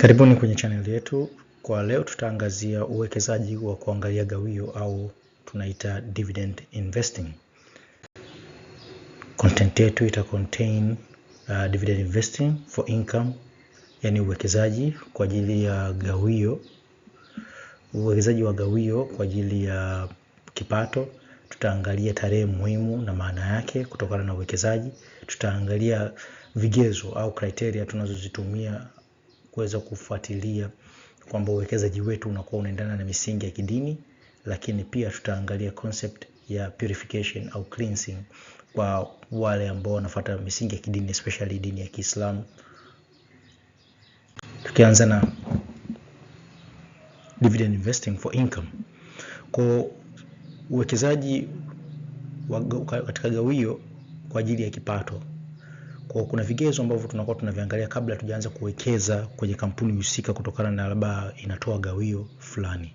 Karibuni kwenye chaneli yetu. Kwa leo tutaangazia uwekezaji wa kuangalia gawio au tunaita dividend investing. Content yetu ita contain uh, dividend investing for income, yani uwekezaji kwa ajili ya gawio, uwekezaji wa gawio kwa ajili ya kipato. Tutaangalia tarehe muhimu na maana yake kutokana na uwekezaji. Tutaangalia vigezo au criteria tunazozitumia kuweza kufuatilia kwamba uwekezaji wetu unakuwa unaendana na misingi ya kidini, lakini pia tutaangalia concept ya purification au cleansing kwa wale ambao wanafuata misingi ya kidini especially dini ya Kiislamu. Tukianza na dividend investing for income, kwa uwekezaji katika gawio kwa ajili ya kipato kwa kuna vigezo ambavyo tunakuwa tunaviangalia kabla tujaanza kuwekeza kwenye kampuni husika kutokana na labda inatoa gawio fulani.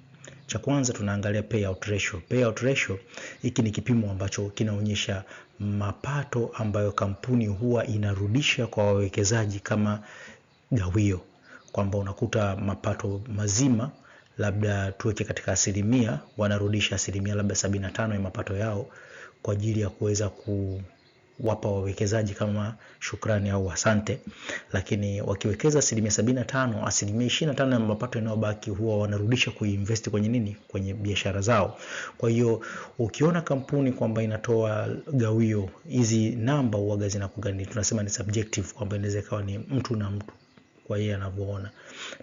Cha kwanza tunaangalia payout ratio. Payout ratio hiki ni kipimo ambacho kinaonyesha mapato ambayo kampuni huwa inarudisha kwa wawekezaji kama gawio, kwamba unakuta mapato mazima labda tuweke katika asilimia, wanarudisha asilimia labda sabini na tano ya mapato yao kwa ajili ya kuweza ku kuwapa wawekezaji kama shukrani au asante, lakini wakiwekeza asilimia sabini na tano, asilimia ishirini na tano ya mapato yanayobaki huwa wanarudisha kuinvest kwenye nini? Kwenye biashara zao. Kwa hiyo ukiona kampuni kwamba inatoa gawio, hizi namba huwaga zinakuwa tunasema ni subjective, kwamba inaweza ikawa ni mtu na mtu kwa yeye anavyoona,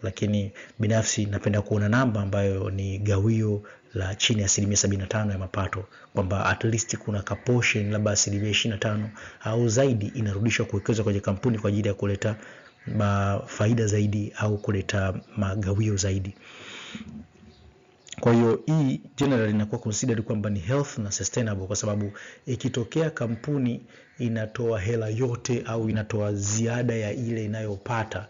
lakini binafsi napenda kuona namba ambayo ni gawio la chini ya asilimia sabini na tano ya mapato, kwamba at least kuna kaposhen labda asilimia ishirini na tano au zaidi inarudishwa kuwekezwa kwenye kampuni kwa ajili ya kuleta faida zaidi au kuleta magawio zaidi. Kwa hiyo hii generally inakuwa considered kwamba ni health na sustainable, kwa sababu ikitokea kampuni inatoa hela yote au inatoa ziada ya ile inayopata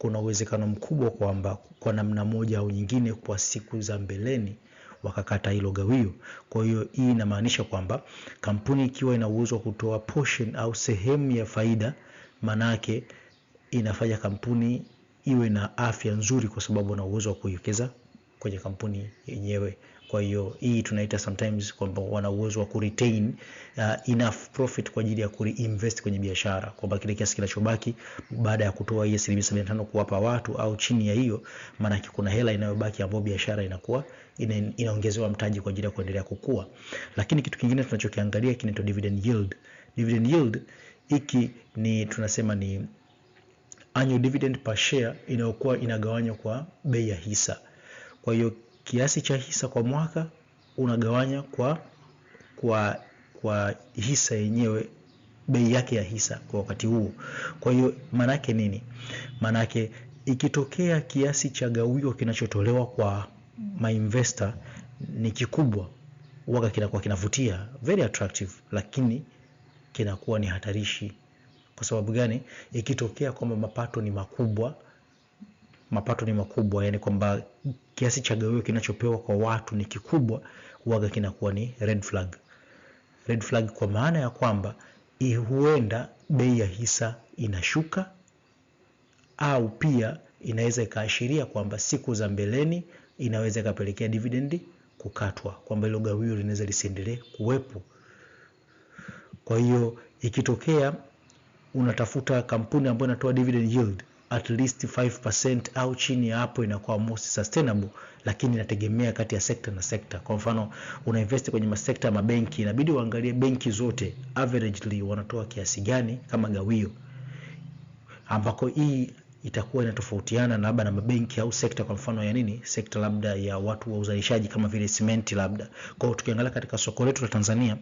kuna uwezekano mkubwa kwamba kwa namna moja au nyingine, kwa siku za mbeleni wakakata hilo gawio. Kwa hiyo hii inamaanisha kwamba kampuni ikiwa ina uwezo wa kutoa portion au sehemu ya faida, manake inafanya kampuni iwe na afya nzuri, kwa sababu wana uwezo wa kuiwekeza kwenye kampuni yenyewe. Kwa hiyo hii tunaita sometimes kwamba wana uwezo wa kuretain uh, enough profit kwa ajili ya kureinvest kwenye biashara, kwamba kile kiasi kinachobaki baada ya kutoa hii asilimia 75 kuwapa watu au chini ya hiyo, maana kuna hela inayobaki ambayo biashara inakuwa ina, inaongezewa mtaji kwa ajili ya kuendelea kukua. Lakini kitu kingine tunachokiangalia kinaitwa dividend yield. Dividend yield hiki ni tunasema ni annual dividend per share inayokuwa inagawanywa kwa bei ya hisa. Kwa hiyo kiasi cha hisa kwa mwaka unagawanya kwa, kwa, kwa hisa yenyewe bei yake ya hisa kwa wakati huo. Kwa hiyo maanake nini? Maanake ikitokea kiasi cha gawio kinachotolewa kwa mainvesta ni kikubwa, waga kinakuwa kinavutia, very attractive, lakini kinakuwa ni hatarishi. Kwa sababu gani? Ikitokea kwamba mapato ni makubwa mapato ni makubwa, yani kwamba kiasi cha gawio kinachopewa kwa watu ni kikubwa, huaga kinakuwa ni red flag. Red flag kwa maana ya kwamba huenda bei ya hisa inashuka au pia inaweza ikaashiria kwamba siku za mbeleni inaweza ikapelekea dividendi kukatwa, kwamba hilo gawio linaweza lisiendelee kuwepo. Kwa hiyo ikitokea unatafuta kampuni ambayo inatoa dividend yield at least 5% au chini ya hapo inakuwa most sustainable, lakini inategemea kati ya sekta na sekta. Kwa mfano, invest kwenye masekta ya mabenki, inabidi uangalie benki zote averagely wanatoa kiasi gani kama gawio, ambako hii itakuwa inatofautiana labda na mabenki au sekta, kwa mfano ya nini, sekta labda ya watu wa uzalishaji kama vile simenti labda. Kwa hiyo tukiangalia katika soko letu la Tanzania,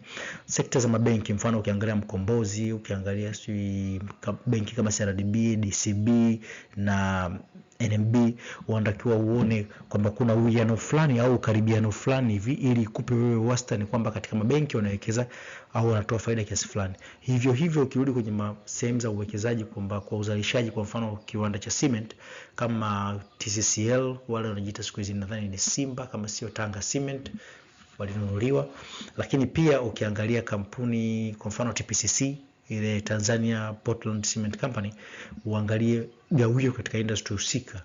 sekta za mabenki, mfano ukiangalia Mkombozi, ukiangalia si benki kama CRDB, DCB na NMB wanatakiwa uone kwamba kuna uwiano fulani au ukaribiano fulani hivi, ili kupe wewe wastani kwamba katika mabenki wanawekeza au wanatoa faida kiasi fulani. Hivyo hivyo ukirudi kwenye sehemu za uwekezaji, kwamba kwa uzalishaji, kwa mfano kiwanda cha cement kama TCCL, wale wanajiita siku hizi nadhani ni Simba kama sio Tanga Cement walinunuliwa, lakini pia ukiangalia kampuni kwa mfano TPCC ile Tanzania Portland Cement Company, uangalie gawio katika industry husika.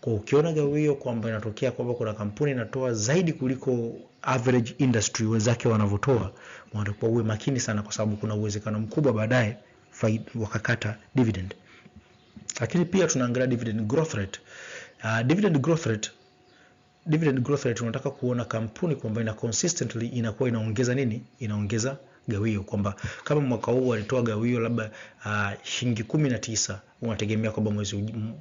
Kwa ukiona gawio kwamba inatokea kwamba kuna kampuni inatoa zaidi kuliko average industry wenzake wanavyotoa, unatakiwa uwe makini sana, kwa sababu kuna uwezekano mkubwa baadaye wakakata dividend. Lakini pia tunaangalia dividend growth rate. Uh, dividend growth rate dividend growth rate tunataka kuona kampuni kwamba ina consistently inakuwa inaongeza nini, inaongeza gawio, kwamba kama mwaka huu walitoa gawio labda uh, shilingi kumi na tisa, unategemea kwamba mwezi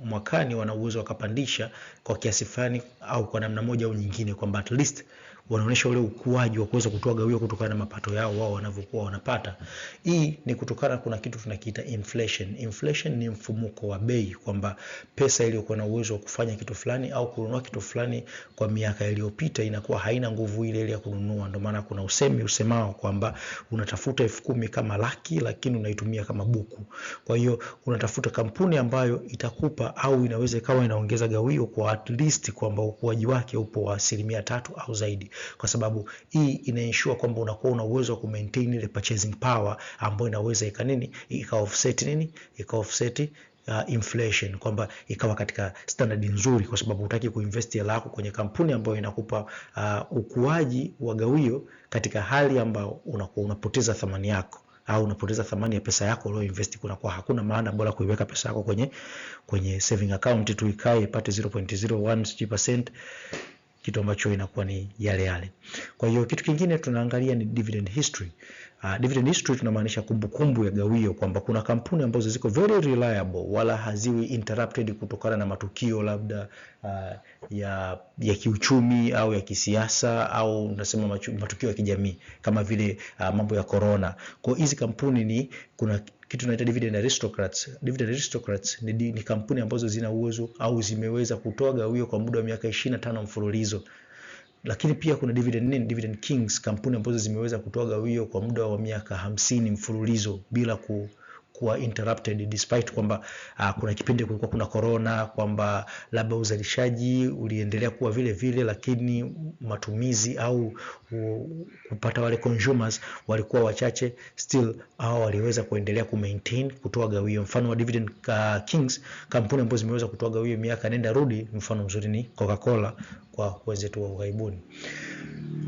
mwakani wana uwezo wakapandisha kwa kiasi fulani au kwa namna moja au nyingine, kwamba at least wanaonyesha ule ukuaji wa kuweza kutoa gawio kutokana na mapato yao wao wanavyokuwa wanapata. Hii ni kutokana, kuna kitu tunakiita inflation. Inflation ni mfumuko wa bei, kwamba pesa iliyokuwa na uwezo wa kufanya kitu fulani au kununua kitu fulani kwa miaka iliyopita inakuwa haina nguvu ile ile ya kununua. Ndio maana kuna usemi usemao kwamba unatafuta elfu kumi kama laki, lakini unaitumia kama buku. Kwa hiyo unatafuta kampuni ambayo itakupa au inaweza ikawa inaongeza gawio kwa at least kwamba ukuaji wake upo wa asilimia tatu au zaidi kwa sababu hii inaensure kwamba unakuwa una uwezo wa kumaintain ile purchasing power ambayo inaweza ika nini ika offset nini ika offset Uh, inflation kwamba ikawa katika standard nzuri, kwa sababu hutaki kuinvest hela yako kwenye kampuni ambayo inakupa uh, ukuaji wa gawio katika hali ambayo unakuwa unapoteza thamani yako au unapoteza thamani ya pesa yako invest. Kuna kwa hakuna maana, bora kuiweka pesa yako kwenye kwenye saving account tu ikae ipate 0.01% kitu ambacho inakuwa ni yale yale. Kwa hiyo kitu kingine tunaangalia ni dividend history. Uh, dividend history tunamaanisha kumbukumbu ya gawio kwamba kuna kampuni ambazo ziko very reliable wala haziwi interrupted kutokana na matukio labda uh, ya, ya kiuchumi au ya kisiasa au nasema matukio ya kijamii kama vile uh, mambo ya corona. Kwa hizi kampuni ni kuna kitu tunaita dividend aristocrats. Dividend aristocrats ni, ni kampuni ambazo zina uwezo au zimeweza kutoa gawio kwa muda wa miaka 25 mfululizo lakini pia kuna dividend nini, dividend kings, kampuni ambazo zimeweza kutoa gawio kwa muda wa miaka hamsini mfululizo bila ku kuwa interrupted despite kwamba uh, kuna kipindi kulikuwa kuna corona, kwamba labda uzalishaji uliendelea kuwa vile vile, lakini matumizi au uh, kupata wale consumers walikuwa wachache, still hao uh, waliweza kuendelea ku maintain kutoa gawio. Mfano wa Dividend uh, Kings, kampuni ambazo zimeweza kutoa gawio miaka nenda rudi, mfano mzuri ni Coca-Cola kwa wenzetu wa ughaibuni,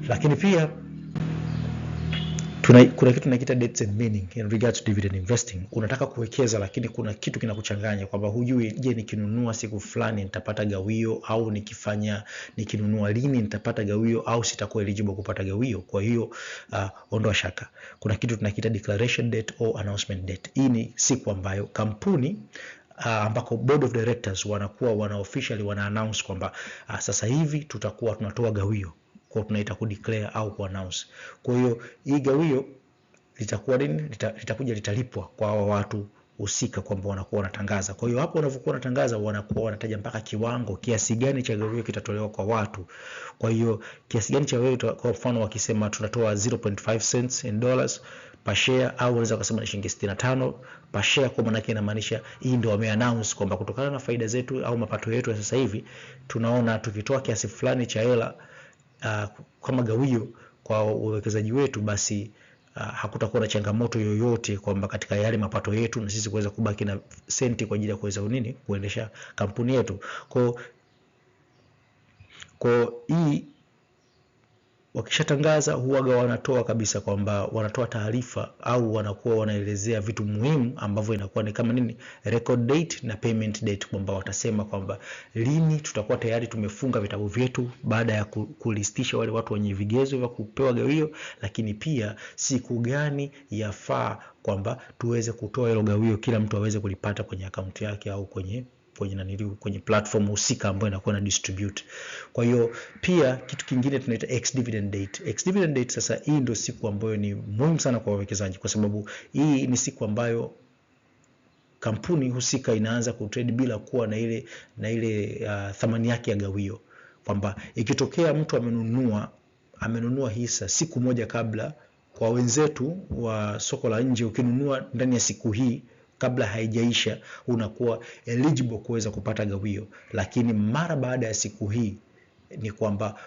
lakini pia Tuna, kuna kitu tunakiita dates and meaning in regards to dividend investing. Unataka kuwekeza lakini kuna kitu kinakuchanganya kwamba hujui, je, nikinunua siku fulani nitapata gawio au nikifanya nikinunua lini nitapata gawio au sitakuwa eligible kupata gawio. Kwa hiyo uh, ondoa shaka. Kuna kitu tunakiita declaration date or announcement date. Hii ni siku ambayo kampuni Uh, ambako board of directors wanakuwa wana officially wana announce kwamba uh, sasa hivi tutakuwa tunatoa gawio kwa tunaita ku declare au ku announce. Kwa hiyo hii gawio litakuwa nini? Litakuja litalipwa kwa hao watu husika kwamba wanakuwa wanatangaza. Kwa hiyo hapo wanapokuwa wanatangaza wanakuwa wanataja mpaka kiwango kiasi gani cha gawio kitatolewa kwa watu. Kwa hiyo kiasi gani cha gawio, kwa mfano wakisema tunatoa 0.5 cents in dollars per share au unaweza kusema ni shilingi 65 per share, kwa maana yake inamaanisha hii ndio wame announce kwamba kutokana na faida zetu au mapato yetu ya sasa hivi tunaona tukitoa kiasi fulani cha hela uh, kama gawio kwa uwekezaji wetu, basi uh, hakutakuwa na changamoto yoyote kwamba katika yale mapato yetu na sisi kuweza kubaki na senti kwa ajili ya kuweza nini kuendesha kampuni yetu. Kwa hii Wakishatangaza huwaga wanatoa kabisa kwamba wanatoa taarifa au wanakuwa wanaelezea vitu muhimu ambavyo inakuwa ni kama nini record date na payment date, kwamba watasema kwamba lini tutakuwa tayari tumefunga vitabu vyetu baada ya kulistisha wale watu wenye vigezo vya kupewa gawio, lakini pia siku gani yafaa kwamba tuweze kutoa hilo gawio, kila mtu aweze kulipata kwenye akaunti yake au kwenye kwenye nanili, kwenye platform husika ambayo inakuwa na distribute. Kwa hiyo pia kitu kingine tunaita ex dividend date. Ex dividend date sasa, hii ndio siku ambayo ni muhimu sana kwa wawekezaji, kwa sababu hii ni siku ambayo kampuni husika inaanza kutrade bila kuwa na ile na ile uh, thamani yake ya gawio, kwamba ikitokea mtu amenunua amenunua hisa siku moja kabla, kwa wenzetu wa soko la nje, ukinunua ndani ya siku hii kabla haijaisha, unakuwa eligible kuweza kupata gawio, lakini mara baada ya siku hii ni kwamba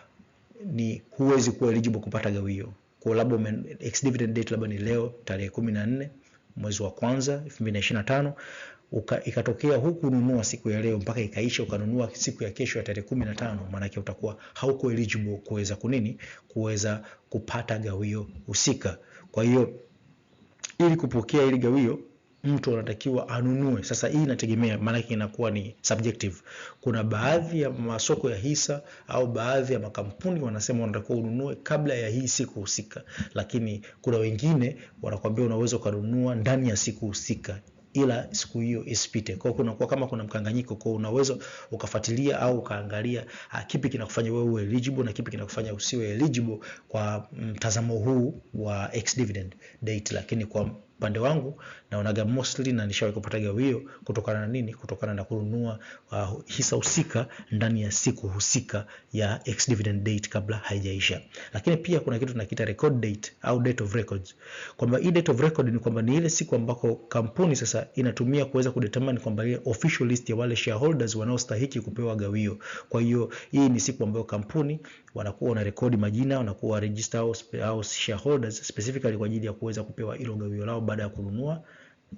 ni huwezi kuwa eligible kupata gawio. Kwa labda ex dividend date labda ni leo tarehe 14 mwezi wa kwanza 2025 uka, ikatokea hukununua siku ya leo mpaka ikaisha ukanunua siku ya kesho ya tarehe 15, maanake utakuwa hauko eligible kuweza kunini kuweza kupata gawio husika. Kwa hiyo ili kupokea ili gawio mtu anatakiwa anunue. Sasa hii inategemea, maanake inakuwa ni subjective. Kuna baadhi ya masoko ya hisa au baadhi ya makampuni wanasema wanatakiwa ununue kabla ya hii siku husika, lakini kuna wengine wanakuambia unaweza ukanunua ndani ya siku husika ila siku hiyo isipite. Kwa kuna kwa kama kuna mkanganyiko, kwa unaweza ukafuatilia au ukaangalia ah, kipi kinakufanya wewe uwe eligible na kipi kinakufanya usiwe eligible kwa mm, mtazamo huu wa ex dividend date, lakini kwa upande wangu naonaga mostly na nishawahi kupata gawio kutokana na nini? Kutokana na kununua uh, hisa husika ndani ya siku husika ya ex dividend date kabla haijaisha. Lakini pia kuna kitu tunakiita record date au date of records, kwamba hii date of record ni kwamba ni ile siku ambako kampuni sasa inatumia kuweza kudetermine kwamba ile official list ya wale shareholders wanaostahili kupewa gawio. Kwa hiyo hii ni siku ambayo kampuni wanakuwa wanarekodi majina, wanakuwa register au, shareholders specifically kwa ajili ya kuweza kupewa ilo gawio lao baada ya kununua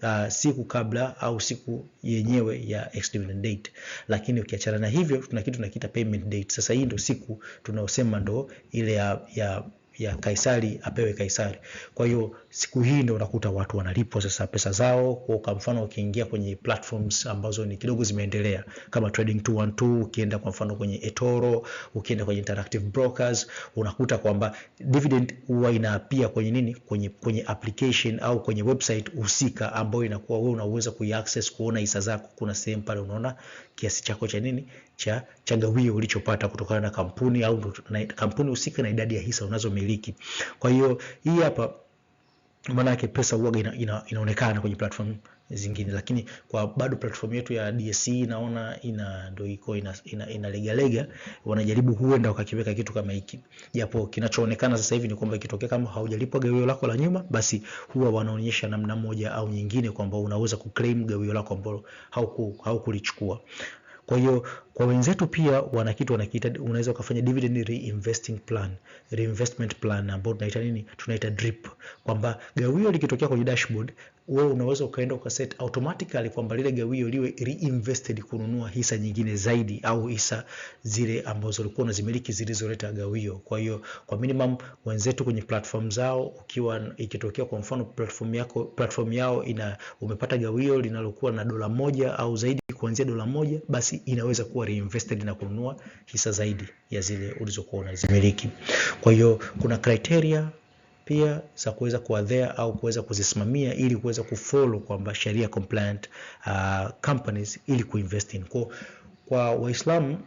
Uh, siku kabla au siku yenyewe ya ex dividend date. Lakini ukiachana na hivyo, tuna kitu tunakiita payment date. Sasa hii ndio siku tunaosema ndo ile ya, ya ya Kaisari apewe Kaisari. Kwa hiyo siku hii ndio unakuta watu wanalipwa sasa pesa zao. Kwa mfano ukiingia kwenye platforms ambazo ni kidogo zimeendelea kama Trading 212, ukienda kwa mfano kwenye eToro, ukienda kwenye Interactive Brokers, unakuta kwamba dividend huwa inaapia kwenye nini, kwenye, kwenye application au kwenye website husika ambayo inakuwa wewe unaweza kuiaccess kuona hisa zako. Kuna sehemu pale unaona kiasi chako cha nini cha changawio gawio ulichopata kutokana na kampuni au na, kampuni husika na idadi ya hisa unazomiliki. Kwa hiyo hii hapa maana yake pesa huwa ina, ina, inaonekana kwenye platform zingine, lakini kwa bado platform yetu ya DSE naona ina ndio iko ina, inalegalega ina wanajaribu huenda wakakiweka kitu kama hiki, japo kinachoonekana sasa hivi ni kwamba ikitokea kama haujalipwa gawio lako la nyuma, basi huwa wanaonyesha namna moja au nyingine kwamba unaweza kuclaim gawio lako ambalo haukulichukua hauku kwa hiyo kwa wenzetu pia wana kitu wanakiita, unaweza ukafanya dividend reinvesting plan, reinvestment plan ambayo tunaita nini? Tunaita DRIP, kwamba gawio likitokea kwenye dashboard wewe unaweza ukaenda ukaset automatically kwamba lile gawio liwe reinvested kununua hisa nyingine zaidi au hisa zile ambazo ulikuwa unazimiliki zilizoleta gawio. Kwa hiyo kwa minimum, wenzetu kwenye platform zao, ukiwa ikitokea kwa mfano platform yako platform yao ina umepata gawio linalokuwa na dola moja au zaidi kuanzia dola moja, basi inaweza kuwa reinvested na kununua hisa zaidi ya zile ulizokuwa unazimiliki. Kwa hiyo kuna criteria pia za kuweza kuwadhea au kuweza kuzisimamia ili kuweza kufollow kwamba sheria compliant uh, companies ili kuinvest in. Kwa kwa Waislamu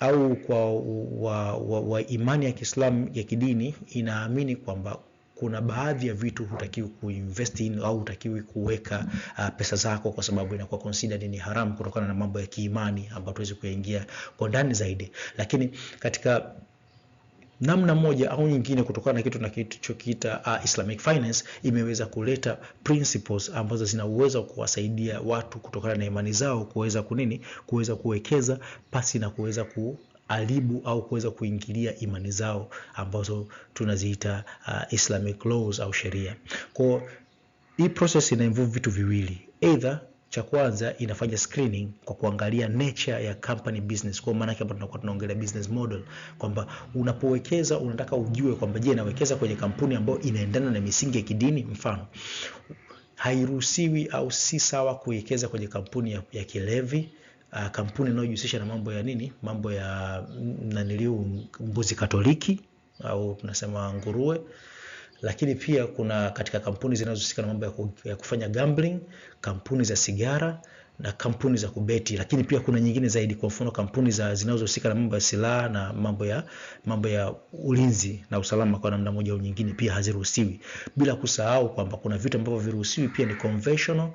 au kwa wa, wa, wa imani ya Kiislamu ya kidini inaamini kwamba kuna baadhi ya vitu hutakiwi kuinvest in au hutakiwi kuweka uh, pesa zako kwa sababu inakuwa considered ni haramu kutokana na mambo ya kiimani ambayo tuwezi kuingia kwa ndani zaidi, lakini katika namna moja au nyingine, kutokana na kitu tunachokiita uh, Islamic finance imeweza kuleta principles ambazo zina uwezo wa kuwasaidia watu kutokana na imani zao kuweza kunini, kuweza kuwekeza pasi na kuweza ku alibu au kuweza kuingilia imani zao ambazo tunaziita uh, Islamic laws au sheria. Kwa hii process ina involve vitu viwili, either cha kwanza inafanya screening kwa kuangalia nature ya company business, kwa maana hapa tunakuwa tunaongelea business model kwamba unapowekeza unataka ujue kwamba je, nawekeza kwenye kampuni ambayo inaendana na misingi ya kidini mfano hairuhusiwi au si sawa kuwekeza kwenye kampuni ya, ya kilevi uh, kampuni inayojihusisha na mambo ya nini, mambo ya naniliu mbuzi Katoliki au tunasema nguruwe lakini pia kuna katika kampuni zinazohusika na mambo ya kufanya gambling, kampuni za sigara na kampuni za kubeti, lakini pia kuna nyingine zaidi, kwa mfano kampuni za zinazohusika na mambo ya silaha na mambo ya mambo ya ulinzi na usalama kwa namna moja au nyingine, pia haziruhusiwi, bila kusahau kwamba kuna vitu ambavyo viruhusiwi pia ni conventional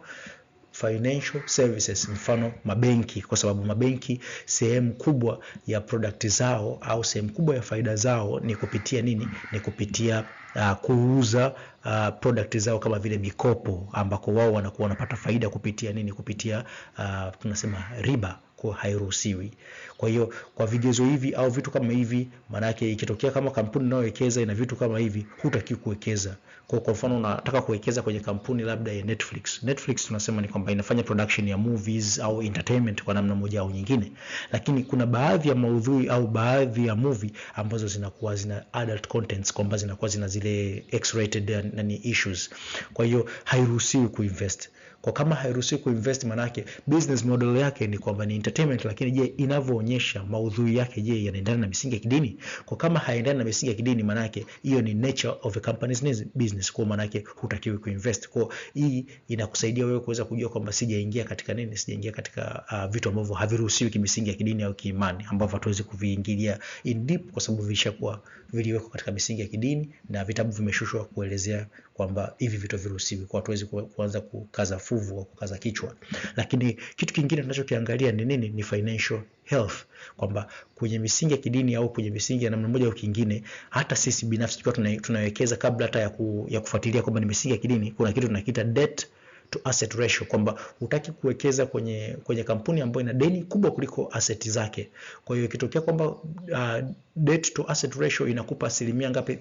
financial services, mfano mabenki, kwa sababu mabenki sehemu kubwa ya product zao au sehemu kubwa ya faida zao ni kupitia nini? Ni kupitia uh, kuuza uh, product zao kama vile mikopo, ambako wao wanakuwa wanapata faida kupitia nini? Kupitia uh, tunasema riba hairuhusiwi. Kwa hiyo kwa vigezo hivi au vitu kama hivi, maanake ikitokea kama kampuni unayowekeza ina vitu kama hivi, hutaki kuwekeza. Kwa kwa mfano unataka kuwekeza kwenye kampuni labda ya Netflix. Netflix tunasema ni kwamba inafanya production ya movies au entertainment kwa namna moja au nyingine, lakini kuna baadhi ya maudhui au baadhi ya movie ambazo zinakuwa zina adult contents, kwamba zinakuwa zina zile X-rated nani issues. Kwa hiyo hairuhusiwi kuinvest. Kwa kama hairuhusi kuinvest, manake business model yake ni kwamba ni entertainment, lakini je, inavyoonyesha maudhui yake, je, yanaendana na misingi ya kidini? Kwa kama haendani na misingi ya kidini, manake hiyo ni nature of a company's business, kwa manake hutakiwi kuinvest. Kwa hii inakusaidia wewe kuweza kujua kwamba sijaingia katika nini, sijaingia katika uh, vitu ambavyo haviruhusiwi kimisingi ya kidini au kiimani, ambavyo hatuwezi kuviingilia in deep kwa sababu vishakuwa viliwekwa katika misingi ya kidini na vitabu vimeshushwa kuelezea kwamba hivi vitu viruhusiwi, kwa hatuwezi kuanza kukaza fuvu wa kukaza kichwa. Lakini kitu kingine tunachokiangalia ni nini? Ni financial health, kwamba kwenye misingi ya kidini au kwenye misingi ya namna moja au kingine, hata sisi binafsi tukiwa tunawekeza kabla hata ya, ku, ya kufuatilia kwamba ni misingi ya kidini, kuna kitu tunakiita debt to asset ratio kwamba hutaki kuwekeza kwenye, kwenye kampuni ambayo ina deni kubwa kuliko asset zake. Kwa hiyo ikitokea kwamba uh, debt to asset ratio inakupa asilimia ngapi?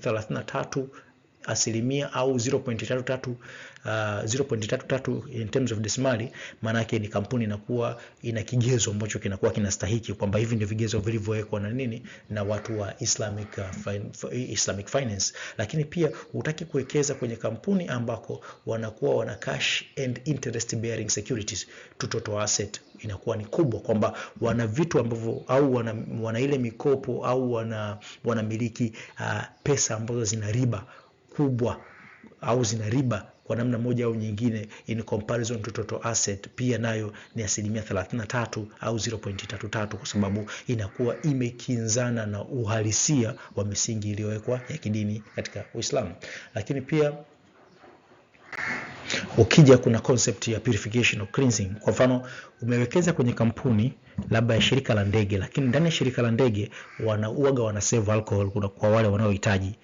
asilimia au 0.33 uh, 0.33 in terms of desimali, maana yake ni kampuni inakuwa ina kigezo ambacho kinakuwa kinastahiki kwamba hivi ndio vigezo vilivyowekwa na nini na watu wa Islamic, uh, fin, Islamic finance. Lakini pia hutaki kuwekeza kwenye kampuni ambako wanakuwa wana cash and interest bearing securities, total asset inakuwa ni kubwa kwamba wana vitu ambavyo au wana, wana ile mikopo au wana wanamiliki uh, pesa ambazo zina riba kubwa au zina riba kwa namna moja au nyingine, in comparison to total asset, pia nayo ni asilimia 33 au 0.33, kwa sababu inakuwa imekinzana na uhalisia wa misingi iliyowekwa ya kidini katika Uislamu. Lakini pia ukija, kuna concept ya purification of cleansing. Kwa mfano, umewekeza kwenye kampuni labda ya shirika la ndege, lakini ndani ya shirika la ndege wanauaga save alcohol, kuna kwa wale wanaohitaji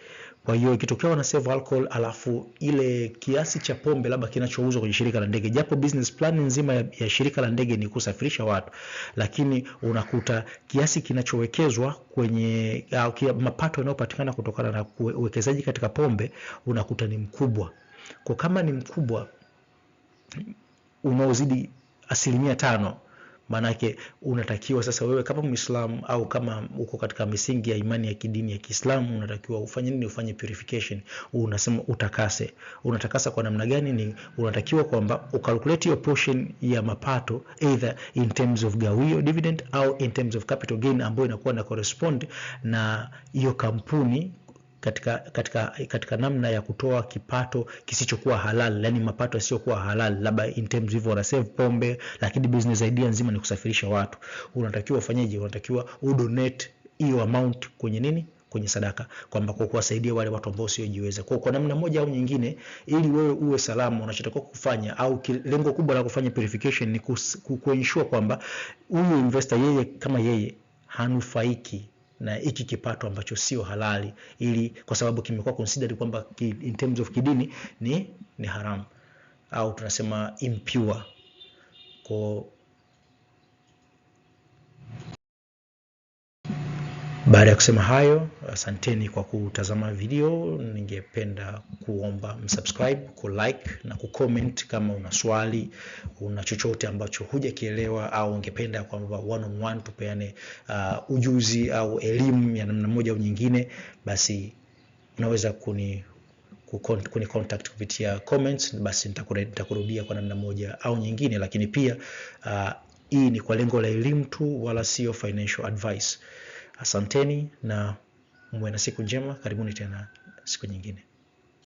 kwa hiyo ikitokea wana save alcohol alafu ile kiasi cha pombe labda kinachouzwa kwenye shirika la ndege, japo business plan nzima ya, ya shirika la ndege ni kusafirisha watu, lakini unakuta kiasi kinachowekezwa kwenye au kia, mapato yanayopatikana kutokana na uwekezaji katika pombe unakuta ni mkubwa. Kwa kama ni mkubwa unaozidi asilimia tano maanake unatakiwa sasa wewe kama Muislamu au kama uko katika misingi ya imani ya kidini ya Kiislamu, unatakiwa ufanye nini? Ufanye purification, unasema utakase. Unatakasa kwa namna gani? Ni unatakiwa kwamba ukalculate your portion ya mapato either in terms of gawio dividend, au in terms of capital gain ambayo inakuwa na correspond na hiyo kampuni katika, katika, katika namna ya kutoa kipato kisichokuwa halal, yani mapato yasiyokuwa halal, labda in terms hivyo wana save pombe, lakini business idea nzima ni kusafirisha watu. Unatakiwa ufanyeje? Unatakiwa udonate hiyo amount kwenye nini kwenye sadaka kwamba kwa kuwasaidia wale watu ambao siojiweza. Kwa kwa namna moja au nyingine, ili wewe uwe salama, unachotakiwa kufanya au lengo kubwa la kufanya purification ni kuensure kwamba huyu investor yeye kama yeye hanufaiki na hiki kipato ambacho sio halali, ili kwa sababu kimekuwa considered kwamba in terms of kidini ni, ni haramu au tunasema impure kwa Baada ya kusema hayo, asanteni kwa kutazama video. Ningependa kuomba msubscribe, like na comment kama una swali, una chochote ambacho hujakielewa au ungependa kwamba one on one tupeane uh, ujuzi au elimu ya namna moja au nyingine, basi unaweza kuni kuni contact kupitia comments, basi nitakurudia kwa namna moja au nyingine, lakini pia uh, hii ni kwa lengo la elimu tu, wala sio financial advice. Asanteni na mwe na siku njema. Karibuni tena siku nyingine.